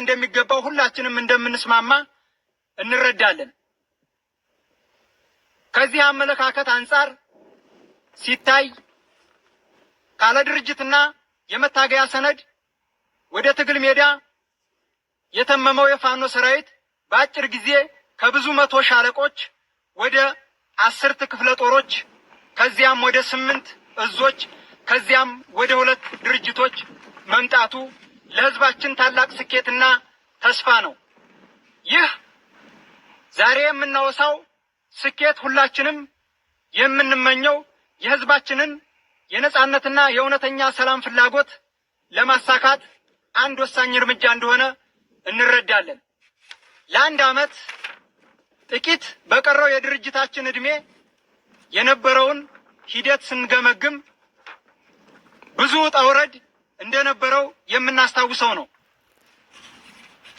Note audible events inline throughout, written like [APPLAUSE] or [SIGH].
እንደሚገባው ሁላችንም እንደምንስማማ እንረዳለን። ከዚህ አመለካከት አንጻር ሲታይ ካለ ድርጅትና የመታገያ ሰነድ ወደ ትግል ሜዳ የተመመው የፋኖ ሰራዊት በአጭር ጊዜ ከብዙ መቶ ሻለቆች ወደ አስርት ክፍለ ጦሮች ከዚያም ወደ ስምንት እዞች ከዚያም ወደ ሁለት ድርጅቶች መምጣቱ ለህዝባችን ታላቅ ስኬትና ተስፋ ነው። ይህ ዛሬ የምናወሳው ስኬት ሁላችንም የምንመኘው የህዝባችንን የነጻነትና የእውነተኛ ሰላም ፍላጎት ለማሳካት አንድ ወሳኝ እርምጃ እንደሆነ እንረዳለን። ለአንድ ዓመት ጥቂት በቀረው የድርጅታችን ዕድሜ የነበረውን ሂደት ስንገመግም ብዙ ውጣ ውረድ እንደነበረው የምናስታውሰው ነው።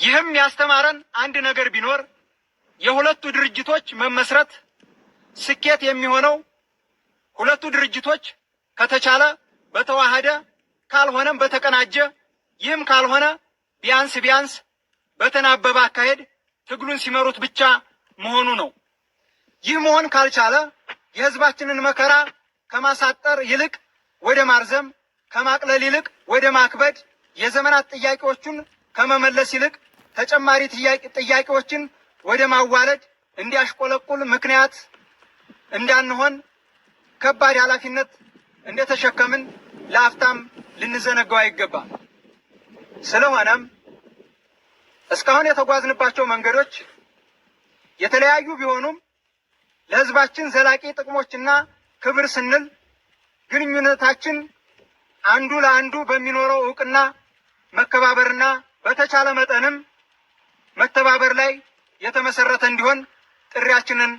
ይህም ያስተማረን አንድ ነገር ቢኖር የሁለቱ ድርጅቶች መመስረት ስኬት የሚሆነው ሁለቱ ድርጅቶች ከተቻለ በተዋሃደ ካልሆነም በተቀናጀ ይህም ካልሆነ ቢያንስ ቢያንስ በተናበበ አካሄድ ትግሉን ሲመሩት ብቻ መሆኑ ነው። ይህ መሆን ካልቻለ የሕዝባችንን መከራ ከማሳጠር ይልቅ ወደ ማርዘም ከማቅለል ይልቅ ወደ ማክበድ፣ የዘመናት ጥያቄዎቹን ከመመለስ ይልቅ ተጨማሪ ጥያቄዎችን ወደ ማዋለድ እንዲያሽቆለቁል ምክንያት እንዳንሆን ከባድ ኃላፊነት እንደተሸከምን ለአፍታም ልንዘነጋው አይገባም። ስለሆነም እስካሁን የተጓዝንባቸው መንገዶች የተለያዩ ቢሆኑም ለሕዝባችን ዘላቂ ጥቅሞችና ክብር ስንል ግንኙነታችን አንዱ ለአንዱ በሚኖረው እውቅና መከባበርና በተቻለ መጠንም መተባበር ላይ የተመሰረተ እንዲሆን ጥሪያችንን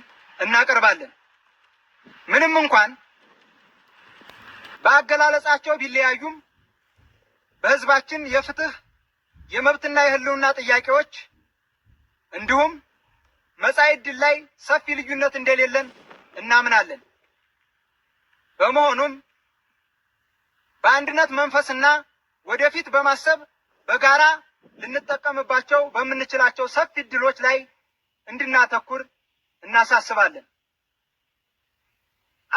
እናቀርባለን። ምንም እንኳን በአገላለጻቸው ቢለያዩም በሕዝባችን የፍትህ የመብትና የህልውና ጥያቄዎች እንዲሁም መጻኢ ዕድል ላይ ሰፊ ልዩነት እንደሌለን እናምናለን። በመሆኑም በአንድነት መንፈስና ወደፊት በማሰብ በጋራ ልንጠቀምባቸው በምንችላቸው ሰፊ እድሎች ላይ እንድናተኩር እናሳስባለን።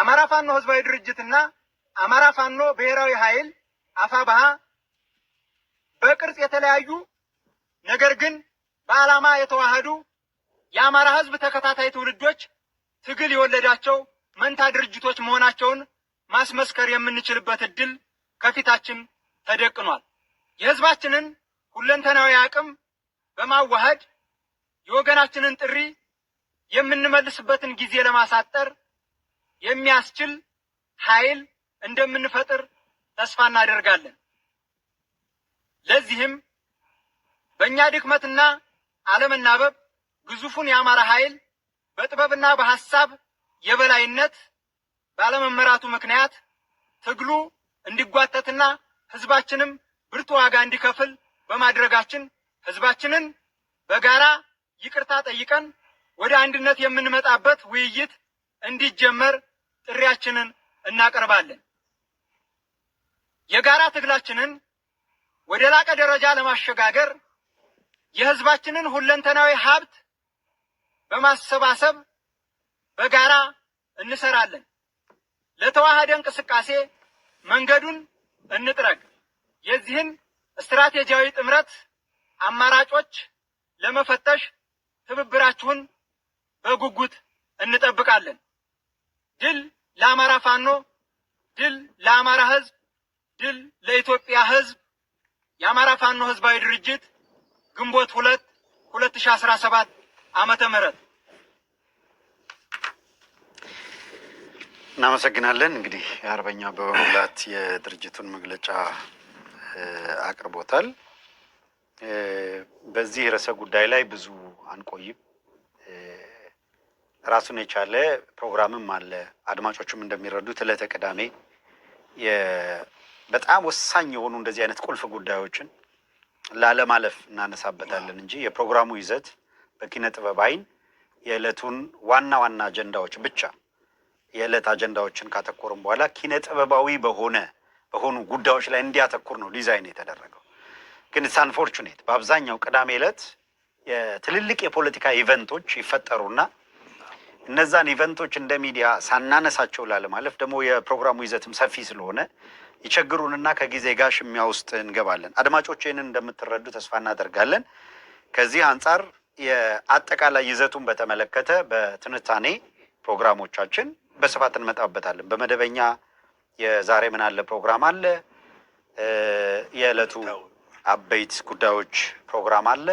አማራ ፋኖ ህዝባዊ ድርጅትና አማራ ፋኖ ብሔራዊ ኃይል አፋብኃ በቅርጽ የተለያዩ ነገር ግን በዓላማ የተዋሃዱ የአማራ ህዝብ ተከታታይ ትውልዶች ትግል የወለዳቸው መንታ ድርጅቶች መሆናቸውን ማስመስከር የምንችልበት እድል ከፊታችን ተደቅኗል። የህዝባችንን ሁለንተናዊ አቅም በማዋሃድ የወገናችንን ጥሪ የምንመልስበትን ጊዜ ለማሳጠር የሚያስችል ኃይል እንደምንፈጥር ተስፋ እናደርጋለን። ለዚህም በእኛ ድክመትና አለመናበብ ግዙፉን የአማራ ኃይል በጥበብና በሐሳብ የበላይነት ባለመመራቱ ምክንያት ትግሉ እንዲጓተትና ህዝባችንም ብርቱ ዋጋ እንዲከፍል በማድረጋችን ህዝባችንን በጋራ ይቅርታ ጠይቀን ወደ አንድነት የምንመጣበት ውይይት እንዲጀመር ጥሪያችንን እናቀርባለን። የጋራ ትግላችንን ወደ ላቀ ደረጃ ለማሸጋገር የህዝባችንን ሁለንተናዊ ሀብት በማሰባሰብ በጋራ እንሰራለን። ለተዋሃደ እንቅስቃሴ መንገዱን እንጥረግ። የዚህን ስትራቴጂያዊ ጥምረት አማራጮች ለመፈተሽ ትብብራችሁን በጉጉት እንጠብቃለን። ድል ለአማራ ፋኖ፣ ድል ለአማራ ህዝብ ድል ለኢትዮጵያ ህዝብ የአማራ ፋኖ ህዝባዊ ድርጅት ግንቦት ሁለት ሁለት ሺ አስራ ሰባት አመተ ምህረት እናመሰግናለን። እንግዲህ አርበኛ አበበ ሙላት የድርጅቱን መግለጫ አቅርቦታል። በዚህ ርዕሰ ጉዳይ ላይ ብዙ አንቆይም። ራሱን የቻለ ፕሮግራምም አለ። አድማጮቹም እንደሚረዱት ዕለተ ቅዳሜ በጣም ወሳኝ የሆኑ እንደዚህ አይነት ቁልፍ ጉዳዮችን ላለማለፍ እናነሳበታለን እንጂ የፕሮግራሙ ይዘት በኪነ ጥበብ አይን የዕለቱን ዋና ዋና አጀንዳዎች ብቻ የዕለት አጀንዳዎችን ካተኮርም በኋላ ኪነ ጥበባዊ በሆነ በሆኑ ጉዳዮች ላይ እንዲያተኩር ነው ዲዛይን የተደረገው። ግን ሳንፎርቹኔት በአብዛኛው ቅዳሜ ዕለት ትልልቅ የፖለቲካ ኢቨንቶች ይፈጠሩና እነዛን ኢቨንቶች እንደ ሚዲያ ሳናነሳቸው ላለማለፍ ደግሞ የፕሮግራሙ ይዘትም ሰፊ ስለሆነ ይቸግሩንና ከጊዜ ጋር ሽሚያ ውስጥ እንገባለን። አድማጮች ይህንን እንደምትረዱ ተስፋ እናደርጋለን። ከዚህ አንጻር የአጠቃላይ ይዘቱን በተመለከተ በትንታኔ ፕሮግራሞቻችን በስፋት እንመጣበታለን። በመደበኛ የዛሬ ምን አለ ፕሮግራም አለ። የዕለቱ አበይት ጉዳዮች ፕሮግራም አለ።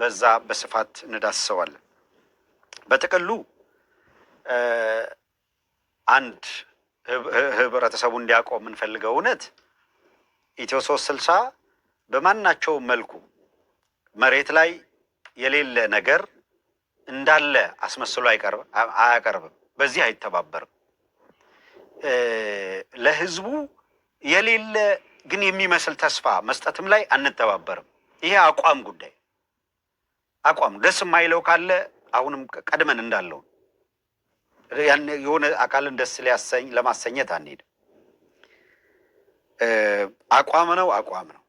በዛ በስፋት እንዳስሰዋለን። በጥቅሉ አንድ ህብረተሰቡ እንዲያውቀው የምንፈልገው እውነት ኢትዮ ሶስት ስልሳ በማናቸው መልኩ መሬት ላይ የሌለ ነገር እንዳለ አስመስሎ አያቀርብም። በዚህ አይተባበርም። ለህዝቡ የሌለ ግን የሚመስል ተስፋ መስጠትም ላይ አንተባበርም። ይሄ አቋም ጉዳይ አቋም ደስ የማይለው ካለ አሁንም ቀድመን እንዳለው የሆነ አካልን ደስ ሊያሰኝ ለማሰኘት አንሄድም። አቋም ነው አቋም ነው።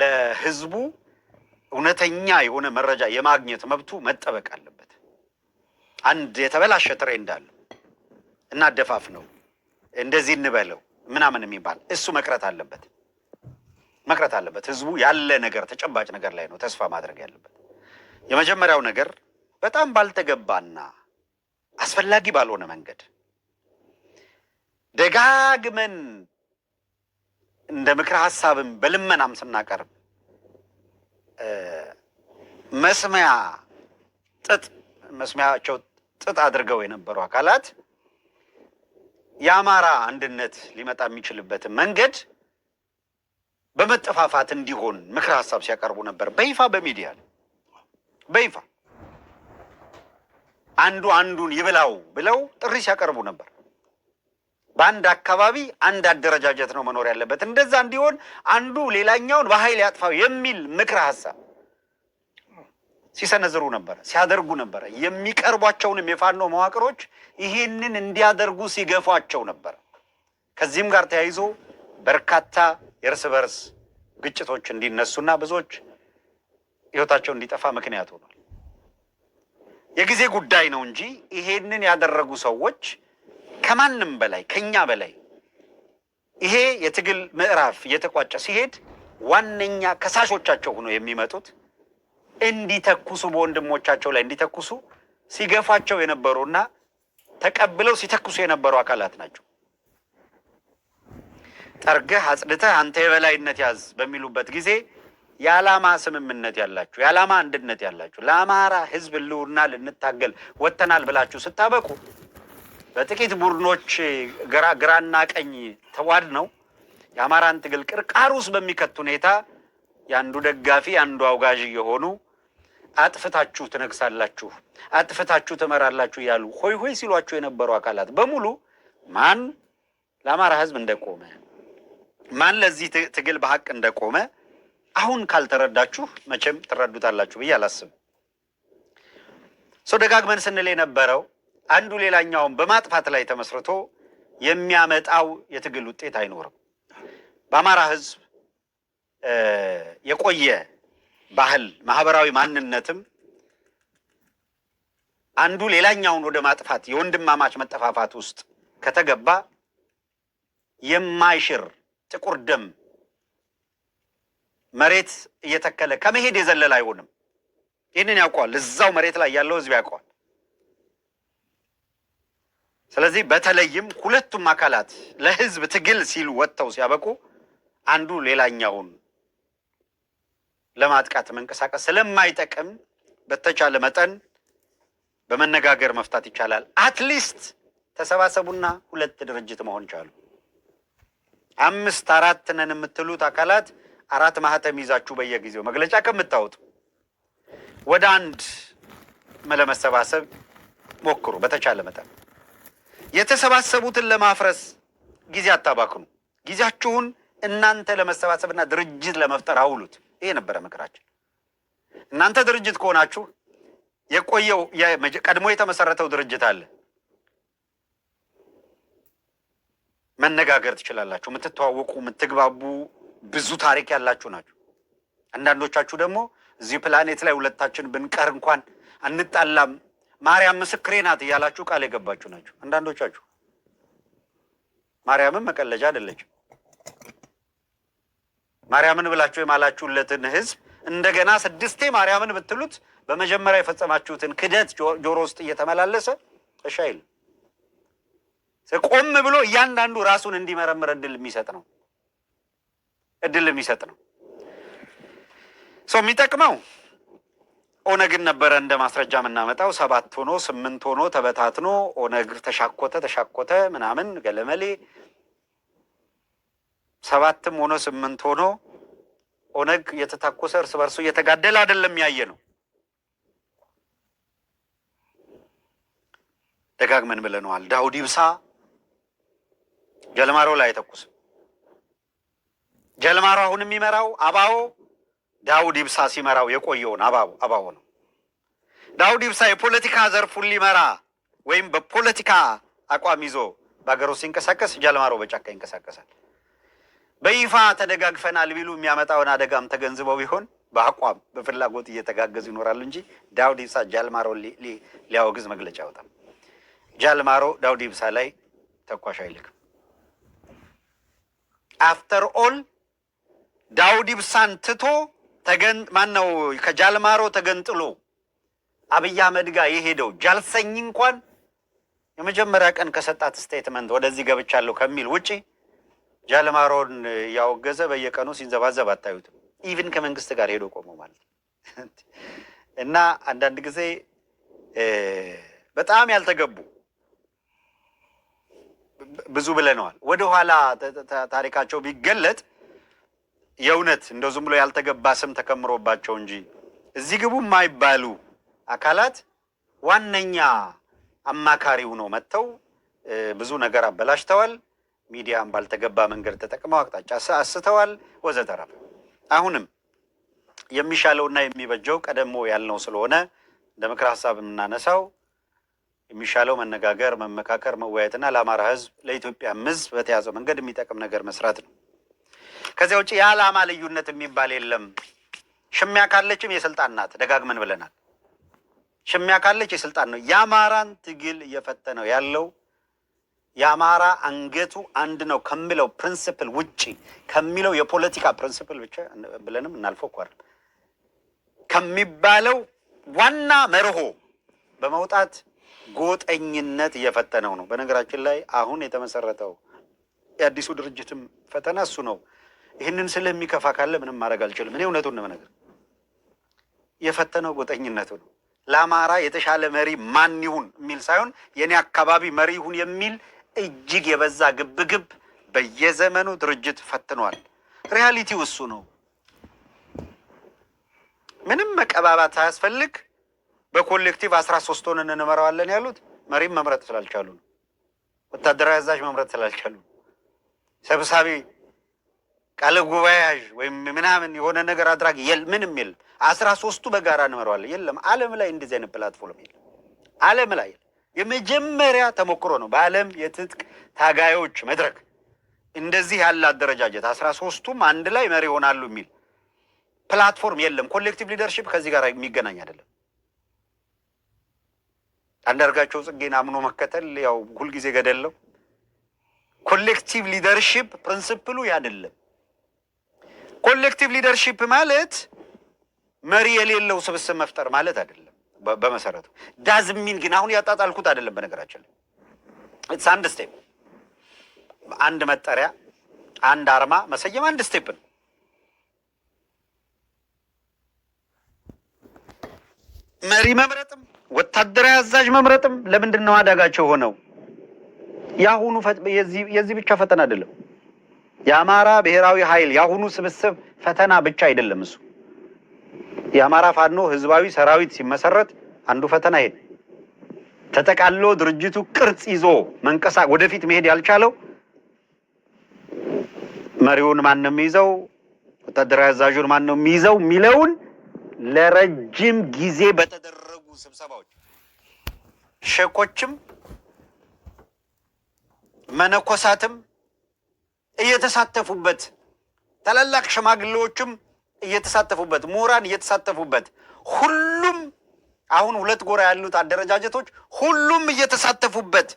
ለህዝቡ እውነተኛ የሆነ መረጃ የማግኘት መብቱ መጠበቅ አለበት። አንድ የተበላሸ ትሬ አለ። እናደፋፍ ነው እንደዚህ እንበለው ምናምን የሚባል እሱ መቅረት አለበት መቅረት አለበት። ህዝቡ ያለ ነገር ተጨባጭ ነገር ላይ ነው ተስፋ ማድረግ ያለበት። የመጀመሪያው ነገር በጣም ባልተገባና አስፈላጊ ባልሆነ መንገድ ደጋግመን እንደ ምክረ ሀሳብም በልመናም ስናቀርብ መስሚያ ጥጥ መስሚያቸው ጥጥ አድርገው የነበሩ አካላት የአማራ አንድነት ሊመጣ የሚችልበትን መንገድ በመጠፋፋት እንዲሆን ምክር ሀሳብ ሲያቀርቡ ነበር። በይፋ በሚዲያ በይፋ አንዱ አንዱን ይብላው ብለው ጥሪ ሲያቀርቡ ነበር። በአንድ አካባቢ አንድ አደረጃጀት ነው መኖር ያለበት፣ እንደዛ እንዲሆን አንዱ ሌላኛውን በኃይል ያጥፋው የሚል ምክር ሀሳብ ሲሰነዝሩ ነበረ፣ ሲያደርጉ ነበረ። የሚቀርቧቸውንም የፋኖ መዋቅሮች ይህንን እንዲያደርጉ ሲገፏቸው ነበረ። ከዚህም ጋር ተያይዞ በርካታ የእርስ በርስ ግጭቶች እንዲነሱና ብዙዎች ህይወታቸው እንዲጠፋ ምክንያት ሆኗል። የጊዜ ጉዳይ ነው እንጂ ይሄንን ያደረጉ ሰዎች ከማንም በላይ ከኛ በላይ ይሄ የትግል ምዕራፍ እየተቋጨ ሲሄድ ዋነኛ ከሳሾቻቸው ሆነው የሚመጡት እንዲተኩሱ በወንድሞቻቸው ላይ እንዲተኩሱ ሲገፋቸው የነበሩና ተቀብለው ሲተኩሱ የነበሩ አካላት ናቸው። ጠርገህ አጽድተህ አንተ የበላይነት ያዝ በሚሉበት ጊዜ የዓላማ ስምምነት ያላችሁ የዓላማ አንድነት ያላችሁ ለአማራ ሕዝብ ልውና ልንታገል ወጥተናል ብላችሁ ስታበቁ በጥቂት ቡድኖች ግራና ቀኝ ተዋድ ነው የአማራን ትግል ቅርቃር ውስጥ በሚከት ሁኔታ የአንዱ ደጋፊ አንዱ አውጋዥ የሆኑ አጥፍታችሁ ትነግሳላችሁ፣ አጥፍታችሁ ትመራላችሁ እያሉ ሆይ ሆይ ሲሏቸው የነበሩ አካላት በሙሉ ማን ለአማራ ህዝብ እንደቆመ ማን ለዚህ ትግል በሀቅ እንደቆመ አሁን ካልተረዳችሁ መቼም ትረዱታላችሁ ብዬ አላስብም። ሰው ደጋግመን ስንል የነበረው አንዱ ሌላኛውን በማጥፋት ላይ ተመስርቶ የሚያመጣው የትግል ውጤት አይኖርም። በአማራ ህዝብ የቆየ ባህል፣ ማህበራዊ ማንነትም አንዱ ሌላኛውን ወደ ማጥፋት የወንድማማች መጠፋፋት ውስጥ ከተገባ የማይሽር ጥቁር ደም መሬት እየተከለ ከመሄድ የዘለል አይሆንም። ይህንን ያውቀዋል። እዛው መሬት ላይ ያለው ህዝብ ያውቀዋል። ስለዚህ በተለይም ሁለቱም አካላት ለህዝብ ትግል ሲሉ ወጥተው ሲያበቁ አንዱ ሌላኛውን ለማጥቃት መንቀሳቀስ ስለማይጠቅም በተቻለ መጠን በመነጋገር መፍታት ይቻላል። አትሊስት ተሰባሰቡና ሁለት ድርጅት መሆን ቻሉ። አምስት አራት ነን የምትሉት አካላት አራት ማህተም ይዛችሁ በየጊዜው መግለጫ ከምታወጡ ወደ አንድ ለመሰባሰብ ሞክሩ። በተቻለ መጠን የተሰባሰቡትን ለማፍረስ ጊዜ አታባክኑ። ጊዜያችሁን እናንተ ለመሰባሰብና ድርጅት ለመፍጠር አውሉት። ይሄ ነበረ ምክራችን። እናንተ ድርጅት ከሆናችሁ የቆየው ቀድሞ የተመሰረተው ድርጅት አለ፣ መነጋገር ትችላላችሁ። የምትተዋወቁ የምትግባቡ፣ ብዙ ታሪክ ያላችሁ ናችሁ። አንዳንዶቻችሁ ደግሞ እዚህ ፕላኔት ላይ ሁለታችን ብንቀር እንኳን አንጣላም፣ ማርያም ምስክሬ ናት እያላችሁ ቃል የገባችሁ ናችሁ። አንዳንዶቻችሁ ማርያምን መቀለጃ አይደለችም። ማርያምን ብላችሁ የማላችሁለትን ህዝብ እንደገና ስድስቴ ማርያምን ብትሉት በመጀመሪያ የፈጸማችሁትን ክደት ጆሮ ውስጥ እየተመላለሰ እሺ አይልም። ቆም ብሎ እያንዳንዱ ራሱን እንዲመረምር እድል የሚሰጥ ነው እድል የሚሰጥ ነው። ሰው የሚጠቅመው ኦነግን ነበረ እንደ ማስረጃ የምናመጣው። ሰባት ሆኖ ስምንት ሆኖ ተበታትኖ ኦነግ ተሻኮተ ተሻኮተ ምናምን ገለመሌ ሰባትም ሆኖ ስምንት ሆኖ ኦነግ የተታኮሰ እርስ በርሱ እየተጋደለ አይደለም ያየ ነው። ደጋግመን ብለነዋል። ዳውድ ይብሳ ጀልማሮ ላይ አይተኩስም። ጀልማሮ አሁን የሚመራው አባው ዳውድ ይብሳ ሲመራው የቆየውን አባው ነው። ዳውድ ይብሳ የፖለቲካ ዘርፉን ሊመራ ወይም በፖለቲካ አቋም ይዞ በሀገሩ ሲንቀሳቀስ ጀልማሮ በጫካ ይንቀሳቀሳል። በይፋ ተደጋግፈናል ቢሉ የሚያመጣውን አደጋም ተገንዝበው ቢሆን በአቋም በፍላጎት እየተጋገዙ ይኖራሉ እንጂ ዳውድ ኢብሳ ጃልማሮ ሊያወግዝ መግለጫ ያወጣም። ጃልማሮ ዳውድ ኢብሳ ላይ ተኳሽ አይልክም። አፍተር ኦል ዳውድ ኢብሳን ትቶ ማነው ከጃልማሮ ተገንጥሎ አብይ አህመድ ጋር የሄደው? ጃልሰኝ እንኳን የመጀመሪያ ቀን ከሰጣት ስቴትመንት ወደዚህ ገብቻለሁ ከሚል ውጪ ጃለማሮን እያወገዘ በየቀኑ ሲንዘባዘብ አታዩትም። ኢቭን ከመንግስት ጋር ሄዶ ቆሞ ማለት እና አንዳንድ ጊዜ በጣም ያልተገቡ ብዙ ብለነዋል። ወደኋላ ታሪካቸው ቢገለጥ የእውነት እንደ ዝም ብሎ ያልተገባ ስም ተከምሮባቸው እንጂ እዚህ ግቡ የማይባሉ አካላት ዋነኛ አማካሪ ሆኖ መጥተው ብዙ ነገር አበላሽተዋል። ሚዲያን ባልተገባ መንገድ ተጠቅመው አቅጣጫ አስተዋል ወዘተረፈ። አሁንም የሚሻለውና የሚበጀው ቀደሞ ያልነው ስለሆነ እንደ ምክር ሀሳብ የምናነሳው የሚሻለው መነጋገር፣ መመካከር፣ መወያየትና ለአማራ ህዝብ ለኢትዮጵያ ምዝ በተያዘው መንገድ የሚጠቅም ነገር መስራት ነው። ከዚያ ውጭ የዓላማ ልዩነት የሚባል የለም። ሽሚያ ካለችም የስልጣን ናት፣ ደጋግመን ብለናል። ሽሚያ ካለች የስልጣን ነው። የአማራን ትግል እየፈተነው ያለው የአማራ አንገቱ አንድ ነው ከሚለው ፕሪንስፕል ውጪ ከሚለው የፖለቲካ ፕሪንስፕል ብቻ ብለንም እናልፈው እኮ አይደል ከሚባለው ዋና መርሆ በመውጣት ጎጠኝነት እየፈተነው ነው። በነገራችን ላይ አሁን የተመሰረተው የአዲሱ ድርጅትም ፈተና እሱ ነው። ይህንን ስለሚከፋ ካለ ምንም ማድረግ አልችልም። እኔ እውነቱን ነው የፈተነው ጎጠኝነቱ ነው። ለአማራ የተሻለ መሪ ማን ይሁን የሚል ሳይሆን የእኔ አካባቢ መሪ ይሁን የሚል እጅግ የበዛ ግብግብ በየዘመኑ ድርጅት ፈትኗል። ሪያሊቲው እሱ ነው። ምንም መቀባባት ሳያስፈልግ በኮሌክቲቭ አስራ ሶስት ሆነን እንመራዋለን ያሉት መሪም መምረጥ ስላልቻሉ ነው። ወታደራዊ አዛዥ መምረጥ ስላልቻሉ ሰብሳቢ፣ ቃለ ጉባኤያዥ ወይም ምናምን የሆነ ነገር አድራጊ ምንም የለም። አስራ ሶስቱ በጋራ እንመረዋለን የለም ዓለም ላይ እንደዚህ አይነት ፕላትፎርም የለም ዓለም ላይ የመጀመሪያ ተሞክሮ ነው በዓለም የትጥቅ ታጋዮች መድረክ እንደዚህ ያለ አደረጃጀት አስራ ሶስቱም አንድ ላይ መሪ ይሆናሉ የሚል ፕላትፎርም የለም። ኮሌክቲቭ ሊደርሽፕ ከዚህ ጋር የሚገናኝ አይደለም። አንዳርጋቸው ጽጌን አምኖ መከተል ያው ሁልጊዜ ገደለው። ኮሌክቲቭ ሊደርሽፕ ፕሪንስፕሉ ያደለም። ኮሌክቲቭ ሊደርሽፕ ማለት መሪ የሌለው ስብስብ መፍጠር ማለት አይደለም። በመሰረቱ ዳዝሚን ግን አሁን ያጣጣልኩት አይደለም። በነገራችን ላይ ኢትስ አንድ ስቴፕ፣ አንድ መጠሪያ፣ አንድ አርማ መሰየም አንድ ስቴፕ ነው። መሪ መምረጥም ወታደራዊ አዛዥ መምረጥም ለምንድን ነው አዳጋቸው ሆነው? የአሁኑ የዚህ ብቻ ፈተና አይደለም። የአማራ ብሔራዊ ኃይል የአሁኑ ስብስብ ፈተና ብቻ አይደለም እሱ የአማራ ፋኖ ህዝባዊ ሰራዊት ሲመሰረት አንዱ ፈተና ይሄ ተጠቃሎ ድርጅቱ ቅርጽ ይዞ መንቀሳ ወደፊት መሄድ ያልቻለው መሪውን ማን ነው የሚይዘው፣ ወታደራዊ አዛዡን ማን ነው የሚይዘው የሚለውን ለረጅም ጊዜ በተደረጉ ስብሰባዎች ሸኮችም መነኮሳትም እየተሳተፉበት ታላላቅ ሽማግሌዎችም እየተሳተፉበት ምሁራን እየተሳተፉበት ሁሉም አሁን ሁለት ጎራ ያሉት አደረጃጀቶች ሁሉም እየተሳተፉበት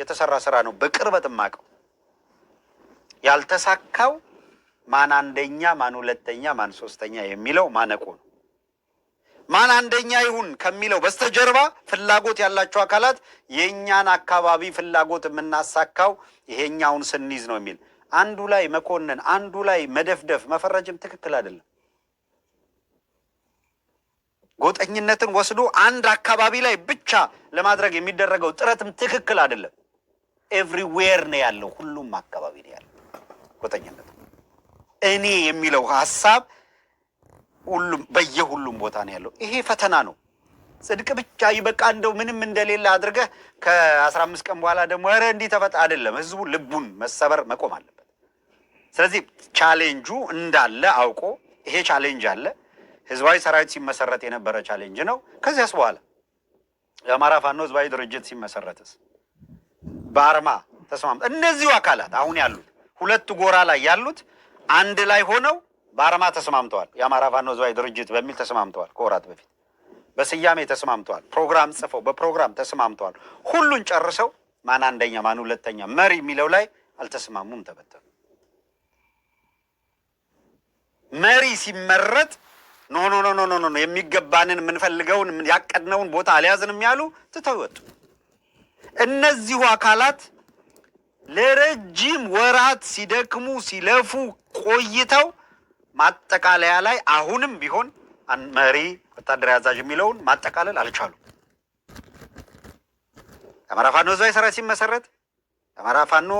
የተሰራ ስራ ነው። በቅርበት ማቀው ያልተሳካው ማን አንደኛ፣ ማን ሁለተኛ፣ ማን ሶስተኛ የሚለው ማነቆ ነው። ማን አንደኛ ይሁን ከሚለው በስተጀርባ ፍላጎት ያላቸው አካላት የእኛን አካባቢ ፍላጎት የምናሳካው ይሄኛውን ስንይዝ ነው የሚል አንዱ ላይ መኮንን፣ አንዱ ላይ መደፍደፍ መፈረጅም ትክክል አይደለም። ጎጠኝነትን ወስዶ አንድ አካባቢ ላይ ብቻ ለማድረግ የሚደረገው ጥረትም ትክክል አይደለም። ኤቭሪዌር ነው ያለው፣ ሁሉም አካባቢ ነው ያለው ጎጠኝነት። እኔ የሚለው ሀሳብ ሁሉም በየሁሉም ቦታ ነው ያለው። ይሄ ፈተና ነው። ጽድቅ ብቻ ይበቃ እንደው ምንም እንደሌለ አድርገህ ከአስራ አምስት ቀን በኋላ ደግሞ ኧረ እንዲህ አይደለም። ህዝቡ ልቡን መሰበር መቆም አለበት። ስለዚህ ቻሌንጁ እንዳለ አውቆ ይሄ ቻሌንጅ አለ ህዝባዊ ሰራዊት ሲመሰረት የነበረ ቻሌንጅ ነው። ከዚያስ በኋላ የአማራ ፋኖ ህዝባዊ ድርጅት ሲመሰረትስ በአርማ ተስማም እነዚሁ አካላት አሁን ያሉት ሁለቱ ጎራ ላይ ያሉት አንድ ላይ ሆነው በአርማ ተስማምተዋል። የአማራ ፋኖ ህዝባዊ ድርጅት በሚል ተስማምተዋል። ከወራት በፊት በስያሜ ተስማምተዋል። ፕሮግራም ጽፈው በፕሮግራም ተስማምተዋል። ሁሉን ጨርሰው ማን አንደኛ ማን ሁለተኛ መሪ የሚለው ላይ አልተስማሙም፣ ተበተኑ። መሪ ሲመረጥ ኖ ኖ ኖ ኖ ኖ የሚገባንን የምንፈልገውን ያቀድነውን ቦታ አልያዝንም ያሉ ትተው ይወጡ። እነዚሁ አካላት ለረጅም ወራት ሲደክሙ ሲለፉ ቆይተው ማጠቃለያ ላይ አሁንም ቢሆን መሪ ወታደራዊ አዛዥ የሚለውን ማጠቃለል አልቻሉ። የአማራ ፋኖ ህዝባዊ ሰራዊት ሲመሰረት የአማራ ፋኖ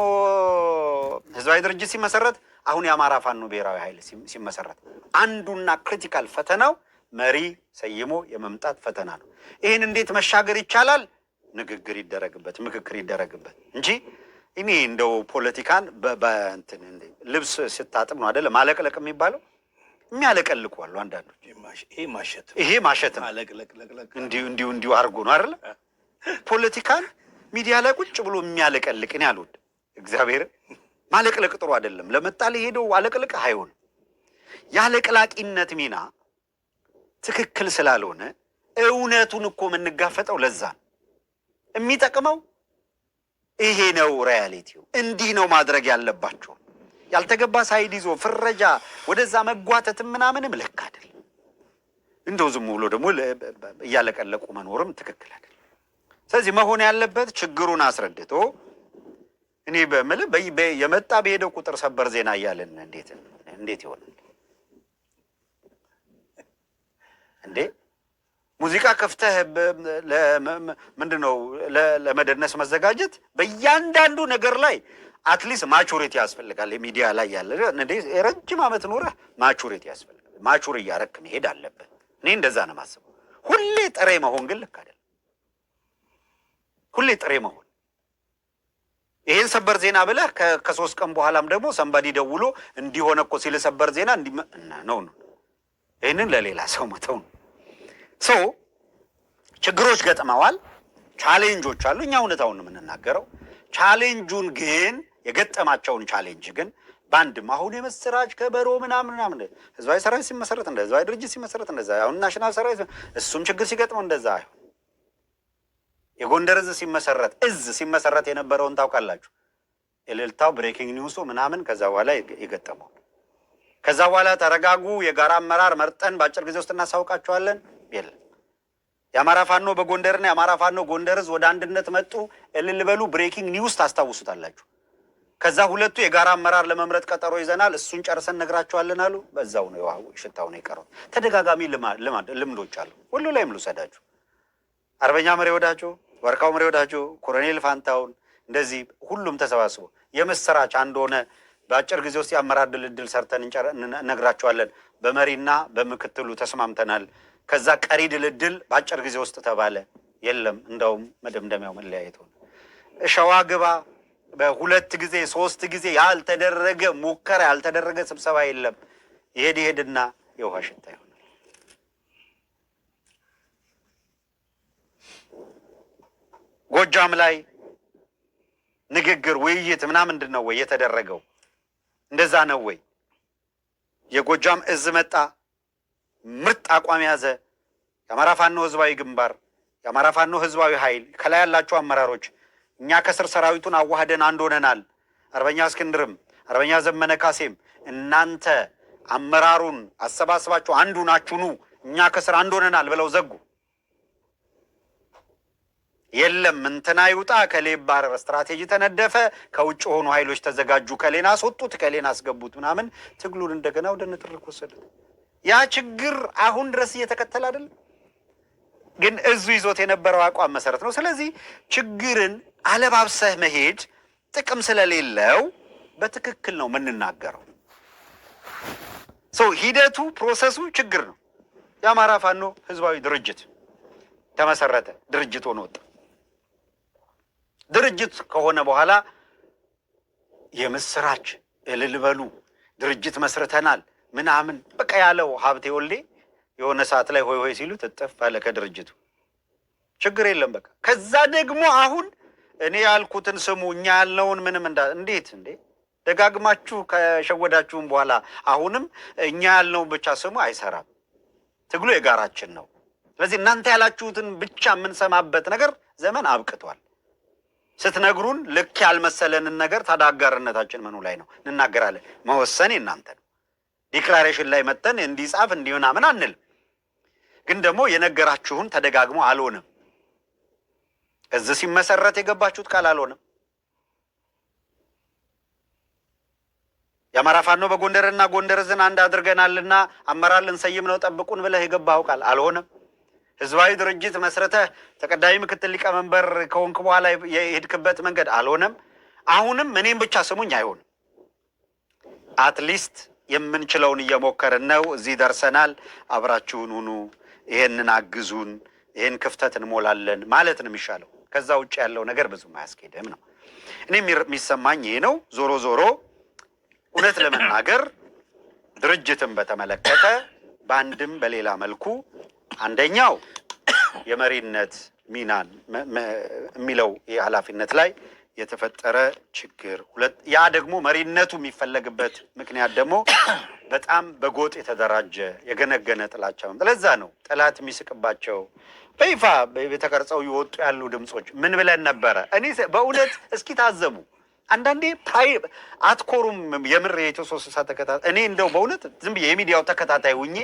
ህዝባዊ ድርጅት ሲመሰረት አሁን የአማራ ፋኖ ብሔራዊ ኃይል ሲመሰረት አንዱና ክሪቲካል ፈተናው መሪ ሰይሞ የመምጣት ፈተና ነው። ይህን እንዴት መሻገር ይቻላል? ንግግር ይደረግበት፣ ምክክር ይደረግበት እንጂ እኔ እንደው ፖለቲካን በእንትን ልብስ ስታጥብ ነው አደለ ማለቅለቅ የሚባለው የሚያለቀልቁ አሉ አንዳንዶች። ይሄ ማሸት ይሄ ማሸት ነው። እንዲሁ እንዲሁ አድርጎ ነው አይደለ ፖለቲካን ሚዲያ ላይ ቁጭ ብሎ የሚያለቀልቅን ያሉት እግዚአብሔር ማለቅለቅ ጥሩ አይደለም። ለመጣል ሄደው አለቅለቅ አይሆን የአለቅላቂነት ሚና ትክክል ስላልሆነ እውነቱን እኮ የምንጋፈጠው ለዛ ነው የሚጠቅመው። ይሄ ነው ሪያሊቲው። እንዲህ ነው ማድረግ ያለባቸው። ያልተገባ ሳይድ ይዞ ፍረጃ ወደዛ መጓተትም ምናምንም ልክ አይደል። እንደው ዝም ብሎ ደግሞ እያለቀለቁ መኖርም ትክክል አይደለም። ስለዚህ መሆን ያለበት ችግሩን አስረድቶ እኔ በምል የመጣ በሄደ ቁጥር ሰበር ዜና እያለን እንዴት እንዴት ይሆናል እንዴ? ሙዚቃ ከፍተህ ምንድን ነው ለመደነስ መዘጋጀት በእያንዳንዱ ነገር ላይ አትሊስት ማቹሪቲ ያስፈልጋል። የሚዲያ ላይ ያለ እንዴ ረጅም ዓመት ኖረህ ማቹሪቲ ያስፈልጋል። ማቹር እያረክ መሄድ አለብህ። እኔ እንደዛ ነው የማስበው። ሁሌ ጥሬ መሆን ግን ልክ አይደለም። ሁሌ ጥሬ መሆን ይህን ሰበር ዜና ብለህ ከሶስት ቀን በኋላም ደግሞ ሰንበዲ ደውሎ እንዲሆነ እኮ ሲል ሰበር ዜና ነው። ይህንን ለሌላ ሰው መተው ነው። ሰው ችግሮች ገጥመዋል፣ ቻሌንጆች አሉ። እኛ እውነታውን የምንናገረው ቻሌንጁን ግን የገጠማቸውን ቻሌንጅ ግን በአንድም አሁን የመስራች ከበሮ ምናምን ምናምን ህዝባዊ ሰራዊት ሲመሰረት እንደዛ፣ ህዝባዊ ድርጅት ሲመሰረት እንደዛ፣ አሁን ናሽናል ሰራዊት እሱም ችግር ሲገጥመው እንደዛ አይሆን የጎንደር እዝ ሲመሰረት እዝ ሲመሰረት የነበረውን ታውቃላችሁ። እልልታው ብሬኪንግ ኒውሱ ምናምን ከዛ በኋላ የገጠመው ከዛ በኋላ ተረጋጉ፣ የጋራ አመራር መርጠን በአጭር ጊዜ ውስጥ እናሳውቃቸዋለን የለም። የአማራ ፋኖ በጎንደርና የአማራ ፋኖ ጎንደር እዝ ወደ አንድነት መጡ፣ እልል በሉ፣ ብሬኪንግ ኒውስ ታስታውሱታላችሁ። ከዛ ሁለቱ የጋራ አመራር ለመምረጥ ቀጠሮ ይዘናል፣ እሱን ጨርሰን ነግራቸዋለን አሉ። በዛው ነው ሽታው ነው የቀረው። ተደጋጋሚ ልምዶች አሉ፣ ሁሉ ላይም ልውሰዳችሁ። አርበኛ መሪ ወዳቸው ወርቃው መሪ ወዳጆ፣ ኮሎኔል ፋንታውን እንደዚህ ሁሉም ተሰባስቦ የምስራች አንድ ሆነ በአጭር ጊዜ ውስጥ የአመራር ድልድል ሰርተን እነግራቸዋለን። በመሪና በምክትሉ ተስማምተናል። ከዛ ቀሪ ድልድል በአጭር ጊዜ ውስጥ ተባለ። የለም እንደውም መደምደሚያው መለያየት ሆነ። ሸዋ ግባ በሁለት ጊዜ ሶስት ጊዜ ያልተደረገ ሙከራ ያልተደረገ ስብሰባ የለም። ይሄድ ይሄድና የውሃ ሽታ ይሆን ጎጃም ላይ ንግግር፣ ውይይት ምናምን ምንድን ነው ወይ የተደረገው? እንደዛ ነው ወይ? የጎጃም እዝ መጣ፣ ምርጥ አቋም ያዘ። የአማራ ፋኖ ህዝባዊ ግንባር፣ የአማራ ፋኖ ህዝባዊ ኃይል ከላይ ያላቸው አመራሮች፣ እኛ ከስር ሰራዊቱን አዋህደን አንድ ሆነናል። አርበኛ እስክንድርም አርበኛ ዘመነ ካሴም እናንተ አመራሩን አሰባስባችሁ አንዱ ናችሁ እኛ ከስር አንድ ሆነናል ብለው ዘጉ። የለም እንትና ይውጣ ከሌ ይባረር፣ ስትራቴጂ ተነደፈ፣ ከውጭ የሆኑ ኃይሎች ተዘጋጁ፣ ከሌን አስወጡት፣ ከሌን አስገቡት ምናምን ትግሉን እንደገና ወደ ንትርክ ወሰደ። ያ ችግር አሁን ድረስ እየተከተለ አይደለም፣ ግን እዙ ይዞት የነበረው አቋም መሰረት ነው። ስለዚህ ችግርን አለባብሰህ መሄድ ጥቅም ስለሌለው በትክክል ነው የምንናገረው። ሰው ሂደቱ ፕሮሰሱ ችግር ነው። የአማራ ፋኖ ህዝባዊ ድርጅት ተመሰረተ፣ ድርጅት ሆኖ ወጣ። ድርጅት ከሆነ በኋላ የምስራች እልል በሉ ድርጅት መስርተናል ምናምን በቃ ያለው ሀብቴ ወልዴ የሆነ ሰዓት ላይ ሆይ ሆይ ሲሉ እጥፍ አለ ከድርጅቱ። ችግር የለም በቃ። ከዛ ደግሞ አሁን እኔ ያልኩትን ስሙ፣ እኛ ያለውን ምንም እንዳ እንዴት እንዴ ደጋግማችሁ ከሸወዳችሁም በኋላ አሁንም እኛ ያልነውን ብቻ ስሙ፣ አይሰራም። ትግሉ የጋራችን ነው። ስለዚህ እናንተ ያላችሁትን ብቻ የምንሰማበት ነገር ዘመን አብቅቷል። ስትነግሩን ልክ ያልመሰለንን ነገር ተዳጋርነታችን ምኑ ላይ ነው እንናገራለን። መወሰን የእናንተ ነው። ዲክላሬሽን ላይ መጠን እንዲጻፍ እንዲሆና ምን አንልም። ግን ደግሞ የነገራችሁን ተደጋግሞ አልሆንም። እዚህ ሲመሰረት የገባችሁት ቃል አልሆንም። የአማራ ፋኖ በጎንደርና ጎንደር ዕዝን አንድ አድርገናልና አመራር ልንሰይም ነው ጠብቁን ብለህ የገባኸው ቃል አልሆነም። ህዝባዊ ድርጅት መስረተህ ተቀዳሚ ምክትል ሊቀመንበር ከሆንክ በኋላ የሄድክበት መንገድ አልሆነም። አሁንም እኔም ብቻ ስሙኝ አይሆንም። አትሊስት የምንችለውን እየሞከርን ነው። እዚህ ደርሰናል። አብራችሁን ሁኑ፣ ይሄንን አግዙን፣ ይሄን ክፍተት እንሞላለን ማለት ነው የሚሻለው። ከዛ ውጭ ያለው ነገር ብዙም አያስኬድም ነው እኔ የሚሰማኝ ይሄ ነው። ዞሮ ዞሮ እውነት ለመናገር ድርጅትን በተመለከተ በአንድም በሌላ መልኩ አንደኛው የመሪነት ሚናን የሚለው ኃላፊነት ላይ የተፈጠረ ችግር፣ ያ ደግሞ መሪነቱ የሚፈለግበት ምክንያት ደግሞ በጣም በጎጥ የተደራጀ የገነገነ ጥላቻ ነው። ለዛ ነው ጠላት የሚስቅባቸው በይፋ የተቀርጸው ይወጡ ያሉ ድምፆች። ምን ብለን ነበረ? እኔ በእውነት እስኪ ታዘቡ። አንዳንዴ አትኮሩም። የምር የኢትዮ ሶስት ስልሳ ተከታታይ እኔ እንደው በእውነት ዝም ብዬ የሚዲያው ተከታታይ ሁኜ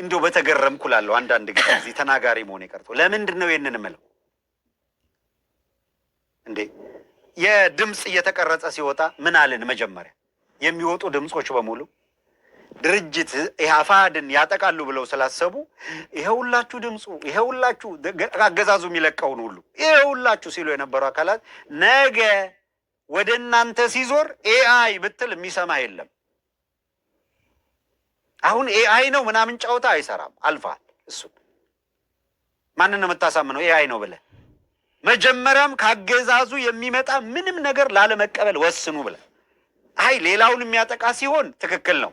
እንዲያው በተገረምኩ እላለሁ አንዳንድ ጊዜ [COUGHS] ተናጋሪ መሆን የቀርቶ ለምንድን ነው ይህንን እምለው እንዴ? የድምፅ እየተቀረጸ ሲወጣ ምን አልን? መጀመሪያ የሚወጡ ድምፆች በሙሉ ድርጅት ኢህአፓድን ያጠቃሉ ብለው ስላሰቡ ይሄውላችሁ ድምፁ ሁላችሁ አገዛዙ የሚለቀውን ሁሉ ሁላችሁ ሲሉ የነበሩ አካላት ነገ ወደ እናንተ ሲዞር ኤአይ ብትል የሚሰማ የለም። አሁን ኤአይ ነው ምናምን ጨዋታ አይሰራም። አልፋል። እሱ ማንን ነው የምታሳምነው? ኤአይ ነው ብለ መጀመሪያም ካገዛዙ የሚመጣ ምንም ነገር ላለመቀበል ወስኑ ብለ። አይ ሌላውን የሚያጠቃ ሲሆን ትክክል ነው፣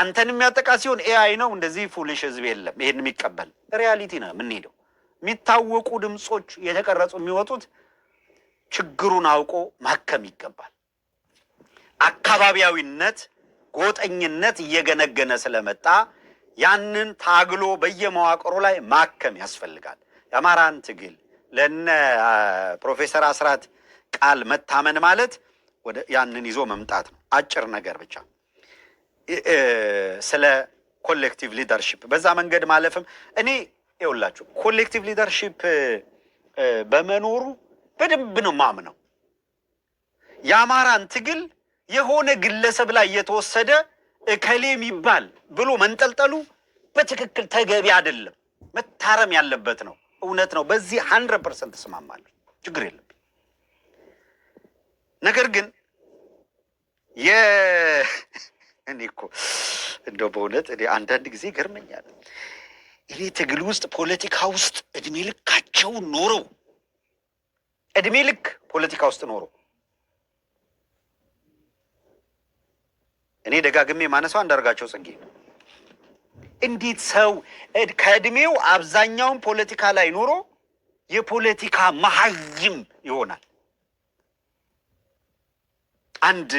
አንተን የሚያጠቃ ሲሆን ኤአይ ነው። እንደዚህ ፉልሽ ህዝብ የለም ይሄን የሚቀበል ሪያሊቲ ነው የምንሄደው። የሚታወቁ ድምፆች የተቀረጹ የሚወጡት ችግሩን አውቆ ማከም ይገባል። አካባቢያዊነት ጎጠኝነት እየገነገነ ስለመጣ ያንን ታግሎ በየመዋቅሩ ላይ ማከም ያስፈልጋል። የአማራን ትግል ለነ ፕሮፌሰር አስራት ቃል መታመን ማለት ወደ ያንን ይዞ መምጣት ነው። አጭር ነገር ብቻ ስለ ኮሌክቲቭ ሊደርሽፕ በዛ መንገድ ማለፍም እኔ ይኸውላችሁ ኮሌክቲቭ ሊደርሽፕ በመኖሩ በደንብ ነው ማምነው የአማራን ትግል የሆነ ግለሰብ ላይ የተወሰደ እከሌ የሚባል ብሎ መንጠልጠሉ በትክክል ተገቢ አይደለም፣ መታረም ያለበት ነው። እውነት ነው። በዚህ ሀንድረድ ፐርሰንት እስማማለሁ። ችግር የለም። ነገር ግን [LAUGHS] እኔ እኮ እንደው በእውነት እኔ አንዳንድ ጊዜ ይገርመኛል። እኔ ትግል ውስጥ ፖለቲካ ውስጥ እድሜ ልካቸው ኖረው እድሜ ልክ ፖለቲካ ውስጥ ኖረው እኔ ደጋግሜ ማነሳው አንዳርጋቸው ጽጌ እንዴት ሰው ከእድሜው አብዛኛውን ፖለቲካ ላይ ኖሮ የፖለቲካ መሀይም ይሆናል? አንድ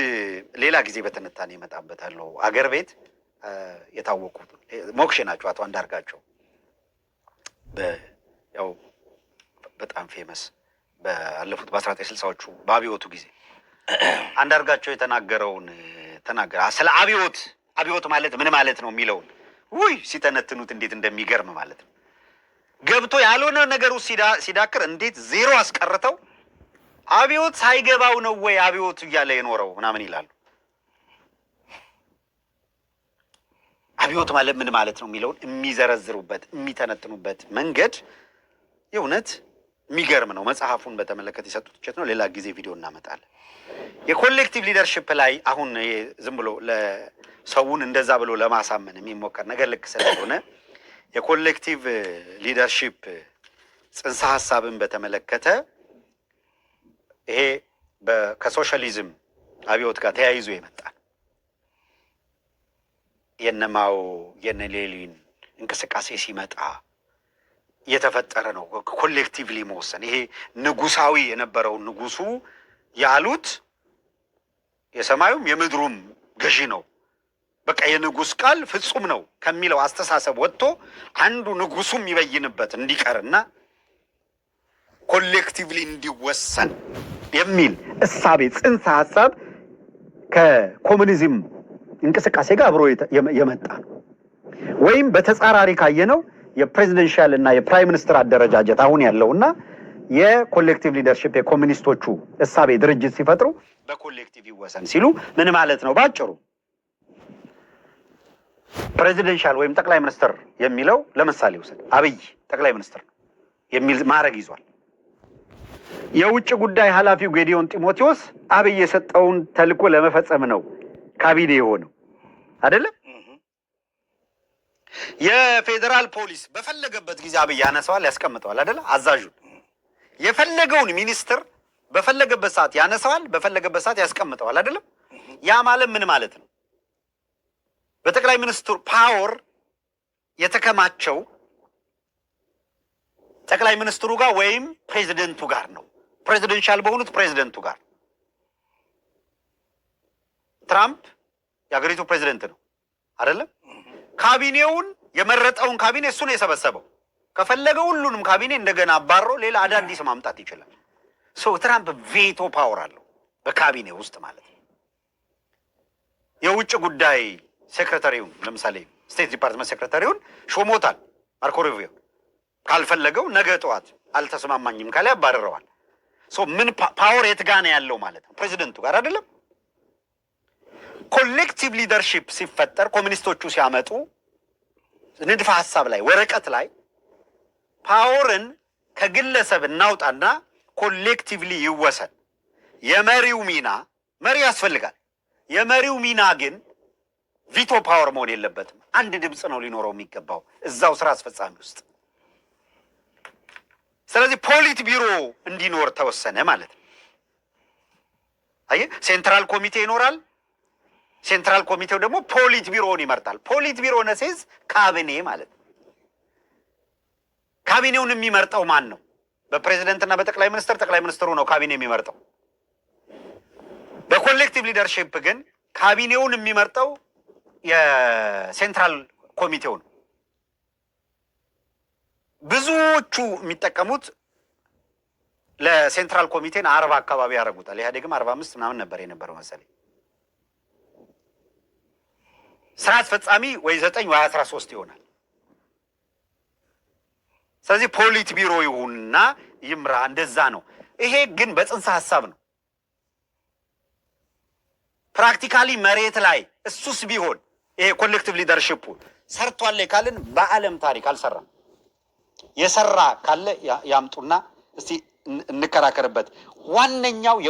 ሌላ ጊዜ በትንታኔ እመጣበታለሁ። አገር ቤት የታወቁት ሞክሼ ናቸው። አቶ አንዳርጋቸው ያው በጣም ፌመስ በአለፉት በአስራ ዘጠኝ ስልሳዎቹ በአብዮቱ ጊዜ አንዳርጋቸው የተናገረውን ተናገረ። ስለ አብዮት አብዮት ማለት ምን ማለት ነው የሚለውን ውይ ሲተነትኑት እንዴት እንደሚገርም ማለት ነው። ገብቶ ያልሆነ ነገር ውስጥ ሲዳክር እንዴት ዜሮ አስቀርተው አብዮት ሳይገባው ነው ወይ አብዮት እያለ የኖረው ምናምን ይላሉ። አብዮት ማለት ምን ማለት ነው የሚለውን የሚዘረዝሩበት የሚተነትኑበት መንገድ የእውነት የሚገርም ነው። መጽሐፉን በተመለከተ የሰጡት ትችት ነው። ሌላ ጊዜ ቪዲዮ እናመጣለን። የኮሌክቲቭ ሊደርሽፕ ላይ አሁን ዝም ብሎ ሰውን እንደዛ ብሎ ለማሳመን የሚሞከር ነገር ልክ ስለሆነ የኮሌክቲቭ ሊደርሽፕ ጽንሰ ሀሳብን በተመለከተ ይሄ ከሶሻሊዝም አብዮት ጋር ተያይዞ ይመጣል። የነማው የነሌሊን እንቅስቃሴ ሲመጣ የተፈጠረ ነው። ኮሌክቲቭሊ መወሰን ይሄ ንጉሳዊ የነበረው ንጉሱ ያሉት የሰማዩም የምድሩም ገዢ ነው፣ በቃ የንጉስ ቃል ፍጹም ነው ከሚለው አስተሳሰብ ወጥቶ አንዱ ንጉሱ የሚበይንበት እንዲቀርና ኮሌክቲቭሊ እንዲወሰን የሚል እሳቤ ጽንሰ ሀሳብ ከኮሙኒዝም እንቅስቃሴ ጋር አብሮ የመጣ ነው። ወይም በተጻራሪ ካየነው የፕሬዚደንሻል እና የፕራይም ሚኒስትር አደረጃጀት አሁን ያለው እና የኮሌክቲቭ ሊደርሽፕ የኮሚኒስቶቹ እሳቤ ድርጅት ሲፈጥሩ በኮሌክቲቭ ይወሰን ሲሉ ምን ማለት ነው? ባጭሩ ፕሬዚደንሻል ወይም ጠቅላይ ሚኒስትር የሚለው ለምሳሌ ውሰድ፣ አብይ ጠቅላይ ሚኒስትር የሚል ማድረግ ይዟል። የውጭ ጉዳይ ኃላፊው ጌዲዮን ጢሞቴዎስ አብይ የሰጠውን ተልዕኮ ለመፈጸም ነው ካቢኔ የሆነው አይደለም። የፌዴራል ፖሊስ በፈለገበት ጊዜ አብይ ያነሰዋል፣ ያስቀምጠዋል አይደለ? አዛዡን የፈለገውን ሚኒስትር በፈለገበት ሰዓት ያነሰዋል፣ በፈለገበት ሰዓት ያስቀምጠዋል አይደለም? ያ ማለት ምን ማለት ነው? በጠቅላይ ሚኒስትሩ ፓወር የተከማቸው ጠቅላይ ሚኒስትሩ ጋር ወይም ፕሬዚደንቱ ጋር ነው። ፕሬዚደንሻል በሆኑት ፕሬዚደንቱ ጋር ትራምፕ የሀገሪቱ ፕሬዚደንት ነው አይደለም? ካቢኔውን የመረጠውን ካቢኔ እሱ ነው የሰበሰበው። ከፈለገ ሁሉንም ካቢኔ እንደገና አባሮ ሌላ አዳዲስ ማምጣት ይችላል። ሰው ትራምፕ ቬቶ ፓወር አለው በካቢኔ ውስጥ ማለት ነው። የውጭ ጉዳይ ሴክረታሪውን ለምሳሌ ስቴት ዲፓርትመንት ሴክረታሪውን ሾሞታል። ማርኮ ሩቢዮ ካልፈለገው ነገ ጠዋት አልተስማማኝም ካለ ያባረረዋል። ምን ፓወር የት ጋ ነው ያለው ማለት ነው? ፕሬዚደንቱ ጋር አይደለም። ኮሌክቲቭ ሊደርሺፕ ሲፈጠር ኮሚኒስቶቹ ሲያመጡ ንድፈ ሀሳብ ላይ ወረቀት ላይ ፓወርን ከግለሰብ እናውጣና ኮሌክቲቭሊ ይወሰን። የመሪው ሚና መሪ ያስፈልጋል። የመሪው ሚና ግን ቪቶ ፓወር መሆን የለበትም። አንድ ድምፅ ነው ሊኖረው የሚገባው እዛው ስራ አስፈጻሚ ውስጥ። ስለዚህ ፖሊት ቢሮ እንዲኖር ተወሰነ ማለት ነው። አየህ፣ ሴንትራል ኮሚቴ ይኖራል። ሴንትራል ኮሚቴው ደግሞ ፖሊት ቢሮውን ይመርጣል። ፖሊት ቢሮ ነሴዝ ካቢኔ ማለት ነው። ካቢኔውን የሚመርጠው ማን ነው? በፕሬዚደንትና በጠቅላይ ሚኒስትር ጠቅላይ ሚኒስትሩ ነው ካቢኔ የሚመርጠው። በኮሌክቲቭ ሊደርሺፕ ግን ካቢኔውን የሚመርጠው የሴንትራል ኮሚቴው ነው። ብዙዎቹ የሚጠቀሙት ለሴንትራል ኮሚቴን አርባ አካባቢ ያደርጉታል። ኢህአዴግም አርባ አምስት ምናምን ነበር የነበረው መሰለኝ። ስራ አስፈጻሚ ወይ ዘጠኝ ወይ አስራ ሶስት ይሆናል። ስለዚህ ፖሊት ቢሮ ይሁንና ይምራ፣ እንደዛ ነው። ይሄ ግን በጽንሰ ሀሳብ ነው። ፕራክቲካሊ መሬት ላይ እሱስ ቢሆን ይሄ ኮሌክቲቭ ሊደርሽፑ ሰርቷል ካልን በዓለም ታሪክ አልሰራም። የሰራ ካለ ያምጡና እስቲ እንከራከርበት ዋነኛው